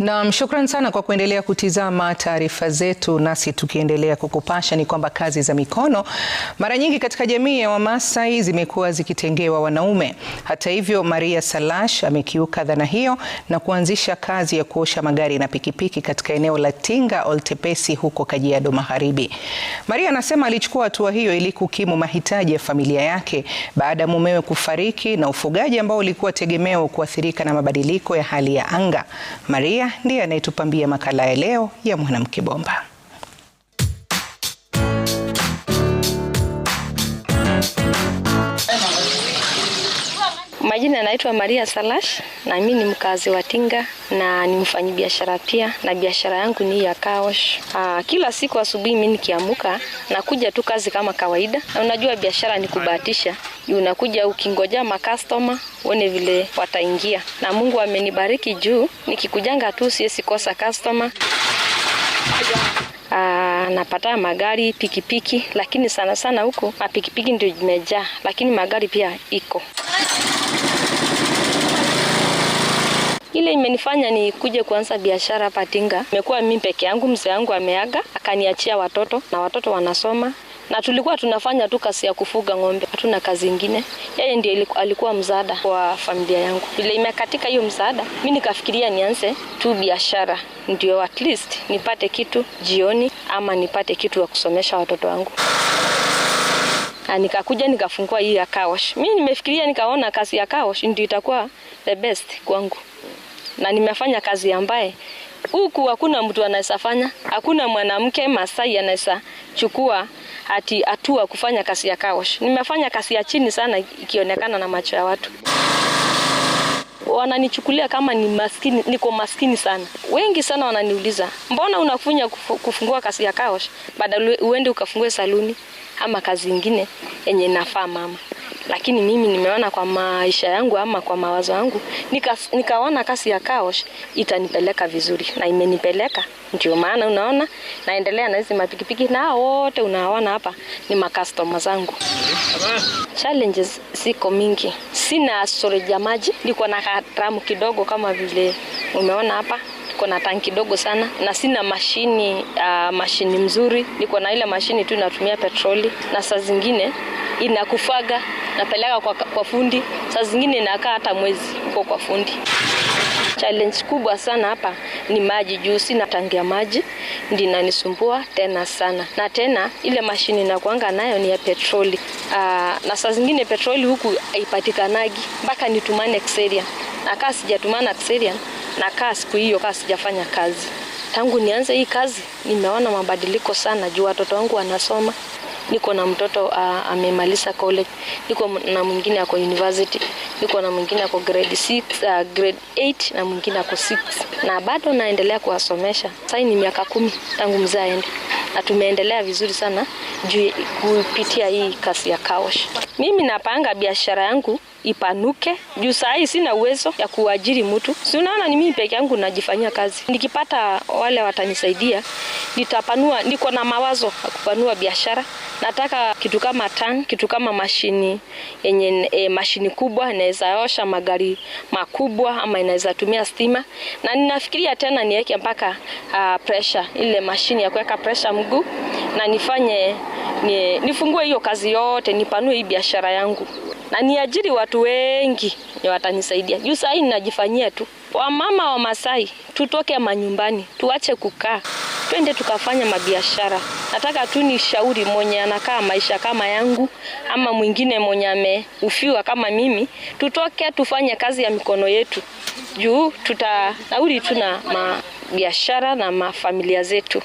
Naam, shukran sana kwa kuendelea kutizama taarifa zetu, nasi tukiendelea kukupasha ni kwamba kazi za mikono mara nyingi katika jamii ya Wamasai zimekuwa zikitengewa wanaume. Hata hivyo, Maria Salash amekiuka dhana hiyo na kuanzisha kazi ya kuosha magari na pikipiki katika eneo la Tinga Oltepesi huko Kajiado Magharibi. Maria anasema alichukua hatua hiyo ili kukimu mahitaji ya familia yake baada ya mumewe kufariki na ufugaji ambao ulikuwa tegemeo kuathirika na mabadiliko ya hali ya anga. Maria ndiye anayetupambia makala ya leo ya Mwanamke Bomba. Majina yanaitwa Maria Salash na mimi ni mkazi wa Tinga na ni biashara pia, na biashara yangu ni ya kaosh. Aa, ah, kila siku asubuhi mimi nikiamuka nakuja tu kazi kama kawaida, na unajua biashara ni kubahatisha unakuja ukingoja makastoma uone vile wataingia, na Mungu amenibariki juu nikikujanga tu siesikosa kosa kastoma. Aa, ah, napata magari pikipiki piki, lakini sana sana huku mapikipiki ndio imejaa, lakini magari pia iko. Ile imenifanya ni kuje kuanza biashara hapa Tinga. Imekuwa mimi peke yangu, mzee wangu ameaga akaniachia watoto na watoto wanasoma na tulikuwa tunafanya tu kazi ya kufuga ng'ombe, hatuna kazi ingine. Yeye ndiye alikuwa msaada kwa familia yangu. Vile imekatika hiyo msaada, mi nikafikiria nianze tu biashara ndio at least nipate kitu jioni ama nipate kitu ya kusomesha watoto wangu. Nikakuja nikafungua hii ya kawash. Mi nimefikiria nikaona kazi ya kawash ndio itakuwa the best kwangu, na nimefanya kazi ambaye huku hakuna mtu anaweza fanya, hakuna mwanamke Masai anaweza chukua ati hatua kufanya kazi ya kawash. Nimefanya kazi ya chini sana ikionekana na macho ya watu wananichukulia kama ni maskini, niko maskini sana. Wengi sana wananiuliza mbona unafunya kufungua kazi ya kaosh badala uende ukafungue saluni ama kazi ingine yenye nafaa mama lakini mimi nimeona kwa maisha yangu ama kwa mawazo yangu nika, nikaona kasi ya kaosh itanipeleka vizuri na imenipeleka. Ndio maana unaona naendelea na hizi mapikipiki na wote unaona hapa ni makastoma zangu. Challenges ziko mingi, sina storage ya maji, niko na karamu kidogo kama vile umeona hapa niko na tanki dogo sana na sina mashini uh, mashini mzuri. Niko na ile mashini tu inatumia petroli, na saa zingine inakufaga napeleka kwa, kwa fundi, saa zingine inakaa hata mwezi huko kwa fundi. Challenge kubwa sana hapa ni maji, juu sina tangi ya maji, ndio inanisumbua tena sana, na tena ile mashini nakuanga nayo ni ya petroli. Aa, ah, na saa zingine petroli huku haipatikanagi mpaka nitumane xeria na kaa sijatumana xeria na kaa siku hiyo kaa sijafanya kazi. Tangu nianze hii kazi nimeona mabadiliko sana, juu watoto wangu wanasoma niko na mtoto uh, amemaliza college, niko na mwingine ako university, niko na mwingine ako grade 6, uh, grade 8 na mwingine ako 6 na bado naendelea kuwasomesha. Sasa ni miaka kumi tangu mzee aende na tumeendelea vizuri sana juu kupitia hii kasi ya kawash. Mimi napanga biashara yangu ipanuke juu saa hii sina uwezo ya kuajiri mtu, si unaona, ni mimi peke yangu najifanyia kazi. Nikipata wale watanisaidia, nitapanua. Niko na mawazo ya kupanua biashara, nataka kitu kama tan, kitu kama mashini yenye e, mashini kubwa inaweza osha magari makubwa ama inaweza tumia stima, na ninafikiria tena niweke mpaka uh, pressure ile mashini ya kuweka pressure Mungu na nifanye ni, nifungue hiyo kazi yote, nipanue hii biashara yangu na niajiri watu wengi ni watanisaidia. Juu saa hii ninajifanyia tu. Wamama wa Masai, tutoke manyumbani, tuache kukaa, twende tukafanya mabiashara. Nataka tu ni shauri mwenye anakaa maisha kama yangu ama mwingine mwenye ameufiwa kama mimi, tutoke tufanye kazi ya mikono yetu, juu tutanauri tu na mabiashara na mafamilia zetu.